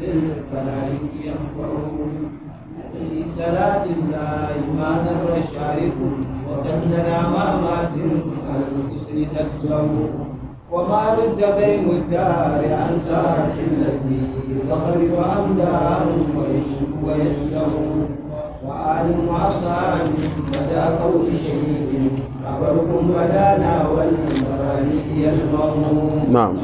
بالملائك ينفعهم في صلاة الله ما الرشارك وقد نرى ما مات على الكسر تسلم وما رد قيم الدار عن ساعة الذي تقرب أمدار ويشرب ويسلم وآل وأصحاب مدى قول شيء خبركم بدانا ناول المراني نعم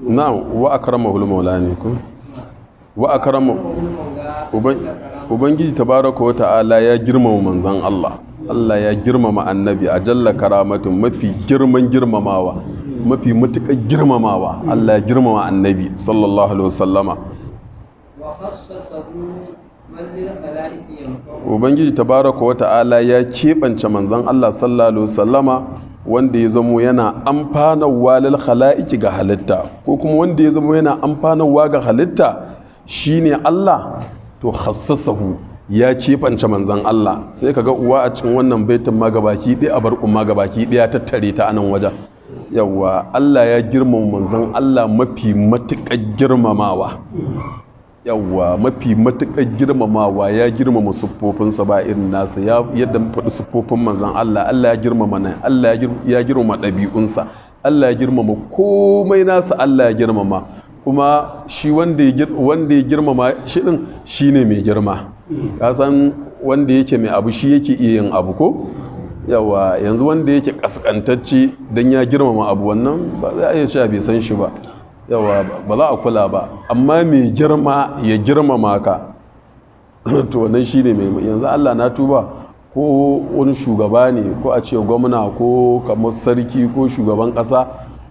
na'am wa akramahul maula ne ko wa akrama ubangiji tabaraka wa ta'ala ya girmama manzon Allah Allah ya girmama annabi a jalla karamatun mafi girman girmamawa mafi matuƙar girmamawa Allah ya girmama annabi sallallahu alaihi wasallama ubangiji tabaraka wa ta'ala ya keɓance manzon Allah sallallahu alaihi wasallama wanda ya zamo yana amfanarwa lal khala'iki ga halitta ko kuma wanda ya zamo yana amfanarwa ga halitta shi ne Allah to khassasahu ya kefance manzan Allah sai kaga uwa a cikin wannan baitin ma gabaki ɗaya a barkun ma gabaki ɗaya tattare ta anan wajen yawwa Allah ya girmama manzan Allah mafi matuƙar girmamawa yawa mafi matuƙar girmamawa ya girmama siffofinsa ba irin nasa ya yadda faɗi siffofin manzan Allah Allah ya girmama nan Allah ya girmama ɗabi'unsa Allah ya girmama komai nasa Allah ya girmama kuma shi wanda ya girmama shi ɗin shi ne mai girma ka wanda yake mai abu shi yake iya yin abu ko yawa yanzu wanda yake kaskantacce don ya girmama abu wannan ba za a iya cewa bai san shi ba yawa ba za a kula ba amma mai girma ya girma maka to wannan shine mai yanzu Allah na tuba ko wani shugaba ne ko a ce gwamna ko kamar sarki ko shugaban ƙasa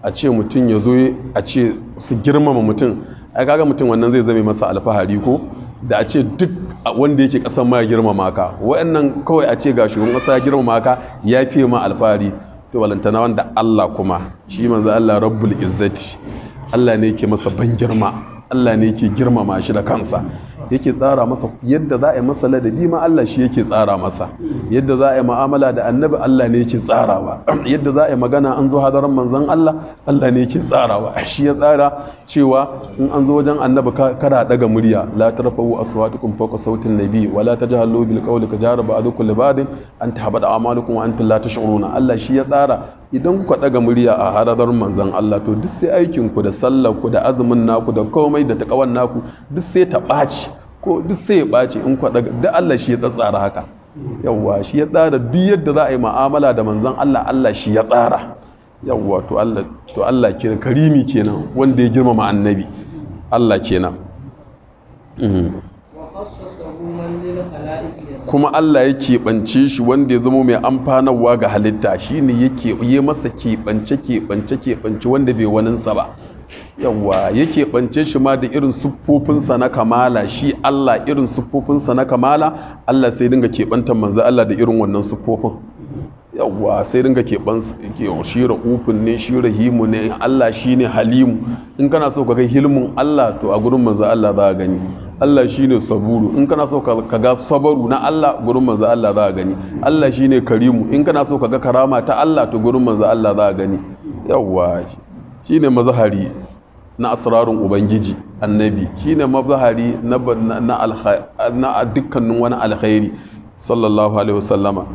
a ce mutum ya zo a ce su girmama mutum ai kaga mutum wannan zai zame masa alfahari ko da a ce duk wanda yake kasan ma ya girmama ka wa'annan kawai a ce ga shugaban ƙasa ya girmama ka ya fiye ma alfahari to balantana wanda Allah kuma shi manzo Allah rabbul izzati Allah ne ke masa ban girma Allah ne yake girmama shi da kansa yake tsara masa yadda za a yi masa ladabi ma Allah shi yake tsara masa yadda za a yi mu'amala da annabi Allah ne yake tsarawa yadda za a yi magana an zo hadaran manzon Allah Allah ne yake tsarawa shi ya tsara cewa in an zo wajen annabi kada daga murya la tarfa'u aswatukum fawqa sautin nabi wa la tajhalu bil qawli Jarab, ba'dukum li ba'din an tahbada amalukum wa antum la tash'uruna Allah shi ya tsara idan kuka daga murya a hadarar manzon Allah to duk sai aikin ku da sallar ku da azumin naku da komai da takawan naku duk sai ta ɓaci ko duk sai ya ɓace in kwaɗa da Allah shi ya tsara haka yawwa shi ya tsara duk yadda za a yi ma'amala da manzan Allah Allah shi ya tsara yawwa to Allah to Allah ke karimi kenan wanda ya girmama annabi Allah kenan mm. kuma Allah ya keɓance shi wanda ya zama mai amfanarwa ga halitta shi ne ya yi masa keɓance keɓance keɓance wanda bai waninsa ba Yawwa yake bance shi ma da irin siffofinsa na kamala shi Allah irin siffofinsa na kamala Allah sai dinga keɓantar manzo Allah da irin wannan siffofin Yawwa sai dinga keɓan shi ra'ufin ne shi rahimu ne Allah shi ne halimu in kana so ka ga hilmin Allah to a gurin manzo Allah za a gani Allah shi ne saburu in kana so ka ga sabaru na Allah gurin manzo Allah za a gani Allah shi ne karimu in kana so ka ga karama ta Allah to gurin manzo Allah za a gani yawwa. shine mazahari na asrarun ubangiji annabi shine mazahari na dukkanin wani alkhairi sallallahu alaihi wasallama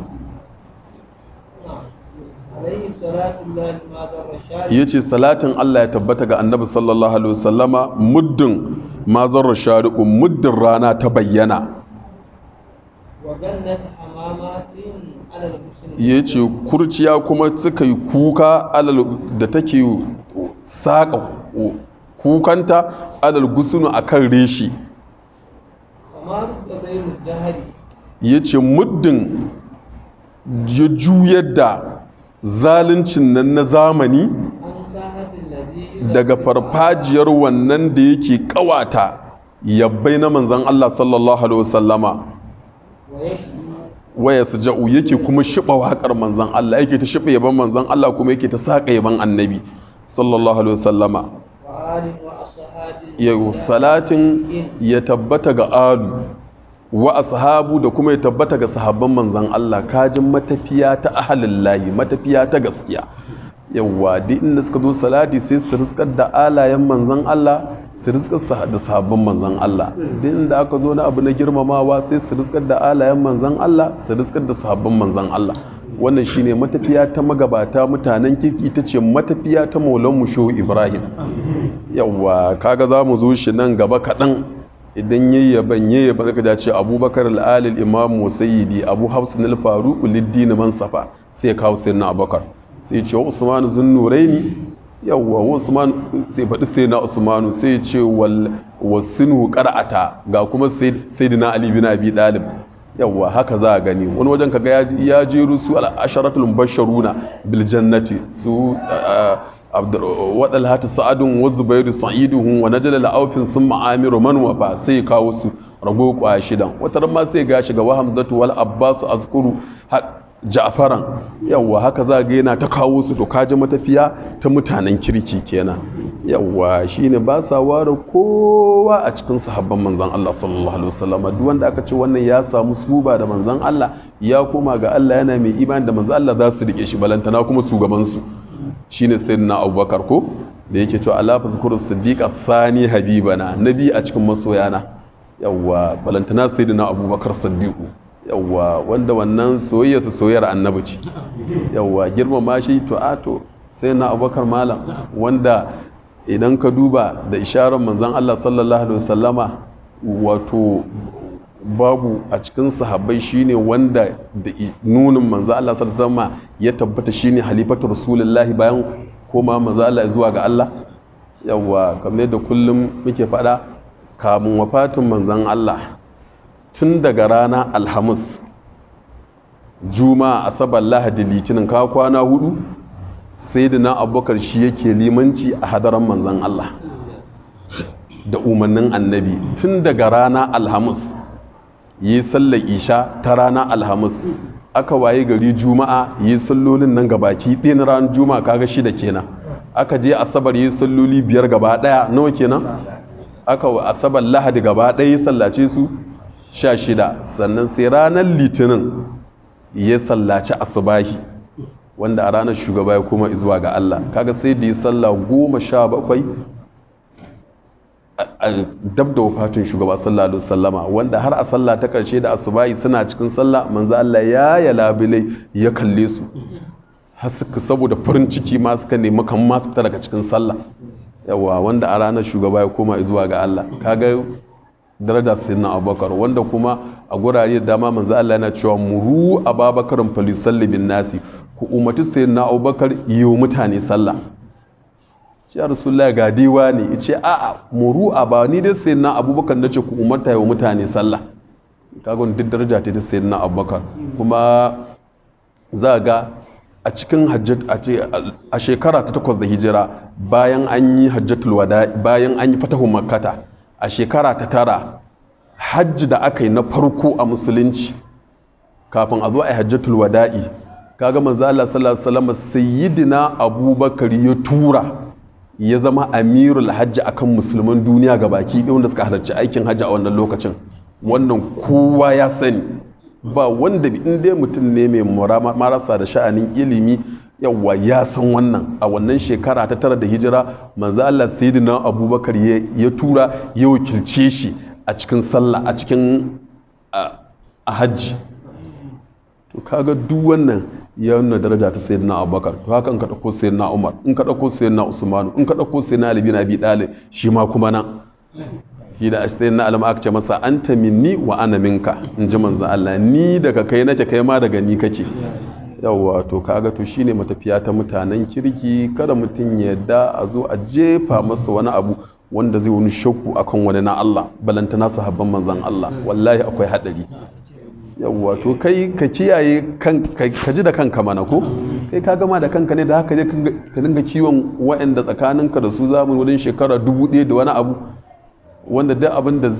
ya ce salatin Allah ya tabbata ga annabi sallallahu alaihi wasallama muddin mazar shari'u muddin rana ta bayyana ya ce kurciya kuma suka yi kuka da take saƙa kukanta alal gusunu a kan reshi ya ce muddin ya juyar da zaluncin nan na zamani daga farfajiyar wannan da yake kawata yabbai na manzan Allah sallallahu Alaihi wasallama waya su ja'u yake kuma shiɓa waƙar manzan Allah yake ta shiɓa yaban manzan Allah kuma yake ta saƙa yaban annabi sallallahu alaihi wasallama yau salatin ya tabbata ga alu wa ashabu da kuma ya tabbata ga sahabban manzan Allah kajin matafiya ta ahalin layi matafiya ta gaskiya yawwa duk inda suka zo salati sai su riskar da alayen manzan Allah su riskar da sahabban manzan Allah duk inda aka zo na abu na girmamawa sai su riskar da alayen manzan Allah su riskar da sahabban manzan Allah wannan shine matafiya ta magabata mutanen kirki ita ce matafiya ta maulanmu musho ibrahim yawwa kaga za mu zo shi nan gaba kaɗan idan yi yaban yi yaban zaka ce abubakar al'alil imam sayyidi abu hafs na faruq liddin mansafa sai ya kawo sayyidina abubakar sai ce wa usman zunnuraini yawwa wa usman sai faɗi sayyidina usmanu sai ce wa sinu qara'ata ga kuma sayyidina ali bin abi dalib yawwa haka za a gani wani wajen kaga ya jeru su al'asharatul basharuna bil jannati su ah, waɗal sa'adun wa zubairu sa'iduhun wa jala la'aufin sun ma'amiru man ba sai kawo su rago kwa shidan wata ma sai gashi ga wahamzatu wal abbasu azkuru ja'faran yawwa haka za ga yana ta kawo su to kaji matafiya ta mutanen kirki kenan yawwa shine ba sa ware kowa a cikin sahabban manzan Allah sallallahu alaihi wasallam duk wanda aka ce wannan ya samu suba da manzan Allah ya koma ga Allah yana mai imani da manzan Allah za su rike shi balantana kuma su gaban su shine sayyidina Abubakar ko da yake cewa Allah fa zikru habibana nabi a cikin masoyana yawwa balantana sayyidina Abubakar yawwa wanda wannan soyayya su soyayyar annabi ce yawwa girmama shi to a to sai na abubakar malam wanda idan ka duba da isharar manzan Allah sallallahu alaihi wasallama wato babu a cikin sahabbai shine wanda da nunin manzan Allah sallallahu alaihi ya tabbata shine halifatu rasulullahi bayan koma manzan Allah zuwa ga Allah yawwa kamar da kullum muke faɗa kamun wafatin manzan Allah tun daga rana alhamis juma'a asabar lahadi litinin ka kwana hudu sai da na abokar shi yake limanci a hadaran manzan Allah da umarnin annabi tun daga rana alhamis yi sallar isha ta rana alhamis aka waye gari juma'a yi sallolin nan gabaki ɗin ranar juma'a kaga shida kenan aka je asabar yi salloli biyar gaba ɗaya nawa kenan aka asabar lahadi gaba ɗaya sallace su sha shida sannan sai ranar litinin ya sallaci asubahi wanda a ranar shugaba ya kuma zuwa ga Allah kaga sai da ya salla goma sha bakwai dab da wafatun shugaba sallallahu alaihi sallama. wanda har a sallah ta karshe da asubahi suna cikin sallah manzo Allah ya ya labile ya kalle su har saboda farin ciki ma suka nemi kan ma su fita daga cikin sallah yawa wanda a ranar shugaba ya koma zuwa ga Allah kaga daraja sayyidina abubakar wanda kuma a gurare da dama manzo Allah yana cewa muru ababakarin falisalli sallibin nasi ku umarci sayyidina abubakar yi mutane sallah ce ya rasulullah ga diwa ne ce a'a muru aba ni dai sayyidina abubakar nace ku umarta yi mutane sallah kaga duk daraja ta sayyidina abubakar kuma za ga a cikin a shekara ta takwas da hijira bayan an yi hajjatul wada bayan an yi fatahu makkata a shekara ta tara hajji da aka yi na farko a musulunci kafin a zo a yi hajjatul wada'i kaga manzo Allah sallallahu alaihi wasallam sayyidina Abubakar ya tura ya zama amirul hajji akan musulman duniya ga baki ɗaya wanda suka halarci aikin hajji a wannan lokacin wannan kowa ya sani ba wanda in dai mutum ne mai marasa da sha'anin ilimi yawwa ya san wannan a wannan shekara ta tara da hijira manzo Allah sayyidina Abubakar ya tura ya wakilce shi a cikin sallah a cikin a hajji to kaga duk wannan ya nuna daraja ta sayyidina Abubakar to haka in ka dauko sayyidina Umar in ka dauko sayyidina Usman in ka dauko sayyidina Ali bin Abi Talib shi ma kuma nan shi da sayyidina Ali aka ce masa anta minni wa ana minka in ji manzo Allah ni daga kai nake kai ma daga ni kake yawwa to kaga to shine matafiya ta mutanen kirki kada mutum ya yadda a zo a jefa masa wani abu wanda zai wani shakku akan wani na Allah balanta na habban manzan Allah wallahi akwai hadari yawwa to kai ka kiyaye kan ka ji da kanka mana ko kai ka gama da kanka ne da haka je ka dinga kiwon waɗanda tsakaninka da su zamu wurin shekara dubu ɗaya da wani abu wanda duk abin da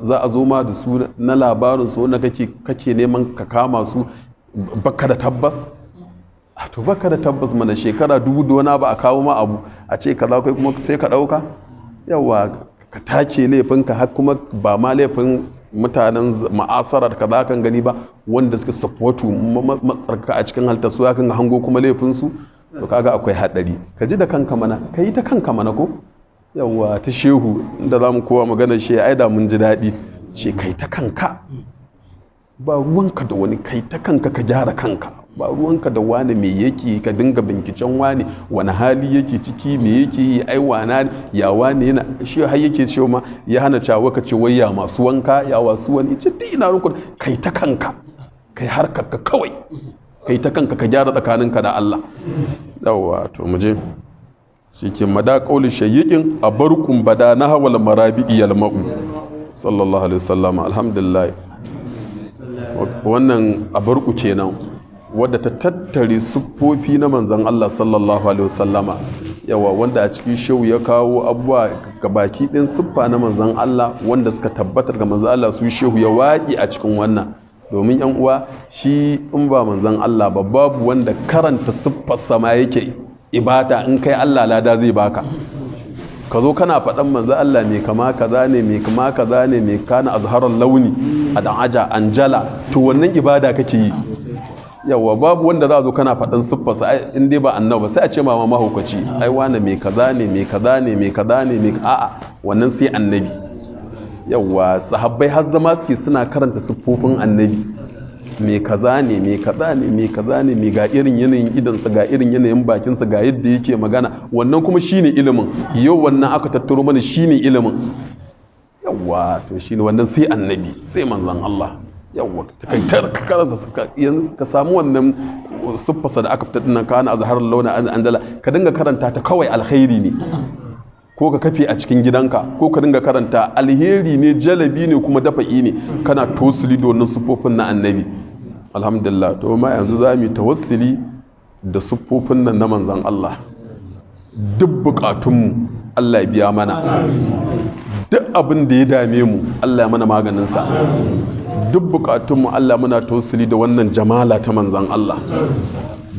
za a zo ma da su na labarin su wanda kake neman ka kama su baka da tabbas a to baka da tabbas mana shekara dubu dona ba a kawo ma abu a ce kaza kai kuma sai ka ɗauka yawa ka take laifinka har kuma ba ma laifin mutanen ma'asarar ka za kan gani ba wanda suka sapotu matsarka a cikin halta su kan hango kuma laifinsu to kaga akwai haɗari ka ji da kanka mana ka yi ta kanka mana ko yawwa ta shehu inda za mu kowa magana shi ai da mun ji daɗi ce kai ta kanka ba ruwanka da wani kai ta kanka ka gyara kanka ba ruwanka da wani me yake ka dinga binkicen wani wani hali yake ciki me yake yi ai wana ya wani yana shi har yake ce ma ya hana cawa ka ce wai ya masu wanka ya wasu wani ce duk ina rukun kai ta kanka kai harkar ka kawai kai ta kanka ka gyara tsakaninka da Allah yawwa to mu je shike mada qauli shayyikin abarkum bada nahwal marabi yal ma'u sallallahu alaihi wasallam alhamdulillah wannan abarku kenan wadda ta tattare siffofi na manzan Allah sallallahu alaihi wasallama yawa wanda a cikin shehu ya kawo abubuwa ga baki ɗin siffa na manzan Allah wanda suka tabbatar ga manzan Allah su shehu ya waƙi a cikin wannan domin yan uwa shi in ba manzan Allah ba babu wanda karanta siffar sama yake ibada in kai Allah lada zai baka ka zo kana faɗan manzo Allah mai kama kaza ne mai kama kaza ne mai kana azharar launi a da'aja anjala to wannan ibada kake yi yawa babu wanda za a zo kana faɗan siffarsa in dai ba annabi ba sai a ce ma mahaukaci ai wane mai kaza ne mai kaza ne mai kaza ne mai a'a wannan sai annabi yawa sahabbai har zama suke suna karanta siffofin annabi mai kaza ne mai kaza ne mai kaza ne mai ga irin yanayin idansa ga irin yanayin bakinsa ga yadda yake magana wannan kuma shine ilimin yau wannan aka tattaro mana shine ilimin yawwa to shine wannan sai annabi sai manzon Allah yawwa takaitar karanta suka ka samu wannan siffasa da aka fitar dinnan kana azharar launa an andala ka dinga karanta ta kawai alkhairi ne ko ka kafe a cikin gidanka ko ka dinga karanta alheri ne jalabi ne kuma dafa'i ne kana tosili domin siffofin na annabi alhamdulillah to ma yanzu za mu tawassuli da siffofin nan na manzan Allah duk bukatunmu Allah ya biya mana duk abin da ya dame mu Allah ya mana maganinsa duk bukatunmu Allah muna tosili da wannan jamala ta manzan Allah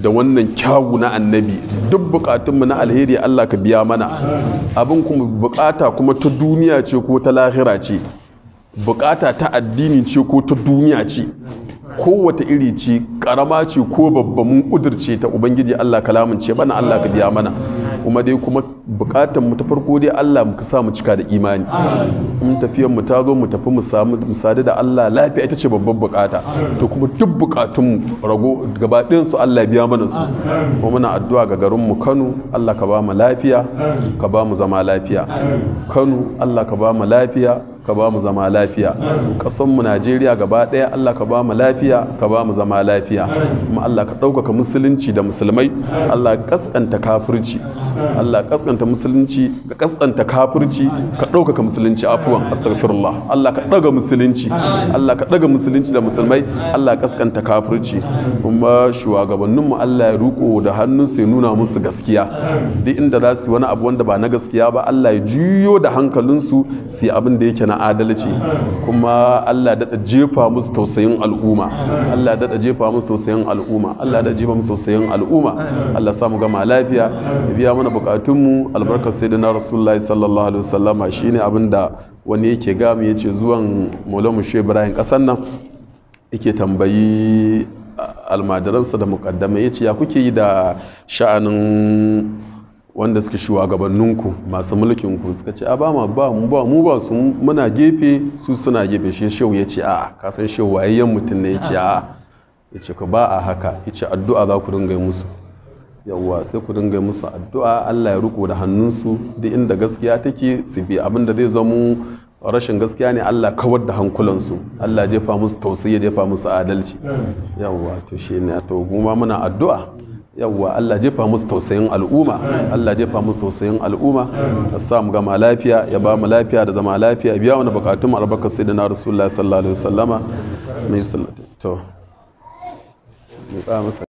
da wannan kyawu na annabi duk bukatunmu na alheri Allah ka biya mana abin kuma bukata kuma ta duniya ce ko ta lahira ce bukata ta addini ce ko ta duniya ce wata iri ce karama ce ko babban mun ƙudurce ta ubangiji Allah kalamun ce bana Allah ka biya mana kuma dai kuma bukatan mu ta farko dai Allah mu sa mu cika da imani in tafiyan mu ta zo mu tafi mu samu misali da Allah lafiya ita ce babban bukata to kuma duk bukatun rago gaba ɗin su Allah biya mana su kuma muna addu'a ga garin mu Kano Allah ka ba mu lafiya ka ba mu zama lafiya Kano Allah ka ba mu lafiya ka ba mu zama lafiya ƙasanmu najeriya gaba ɗaya allah ka ba mu lafiya ka ba mu zama lafiya kuma allah ka ɗaukaka musulunci da musulmai allah ƙasƙanta kafirci allah ƙasƙanta musulunci ka ƙasƙanta kafirci ka ɗaukaka musulunci afuwan astaghfirullah allah ka ɗaga musulunci allah ka ɗaga musulunci da musulmai allah ƙasƙanta kafirci kuma shugabanninmu allah ya ruko da su ya nuna musu gaskiya duk inda za su yi wani abu wanda ba na gaskiya ba allah ya juyo da hankalinsu su yi abin da yake na adalci kuma Allah daɗa jefa musu tausayin al'umma Allah daɗa jefa musu tausayin al'umma Allah daɗa jefa musu tausayin al'umma Allah sa mu gama lafiya ya biya mana bukatunmu albarkar sayyidina rasulullahi sallallahu alaihi wasallama shine abin da wani yake gamu ya ce zuwan mu shehu ibrahim ƙasar nan yake tambayi almajiransa da mukaddama ya ya kuke yi da sha'anin wanda suke shugabanninku masu mulkin ku suka ce a ba ma ba mu ba mu ba su muna gefe su suna gefe shi shehu ya ce a ka san shehu wayayyen mutum ne ya ce a ya ce ku ba a haka ya ce addu'a za ku dinga musu yawwa sai ku dinga musu addu'a Allah ya riko da hannunsu duk inda gaskiya take su bi abin da zai zamo rashin gaskiya ne Allah kawar da hankulansu Allah jefa musu tausayi ya jefa musu adalci yawwa to shi ne to kuma muna addu'a yawwa Allah jefa musu tausayin al'umma Allah jefa musu tausayin al'umma ta sa mu gama lafiya ya ba mu lafiya da zama lafiya biya wani bukatun albarkar rasu rasulullahi sallallahu alaihi wasallama mai sallata to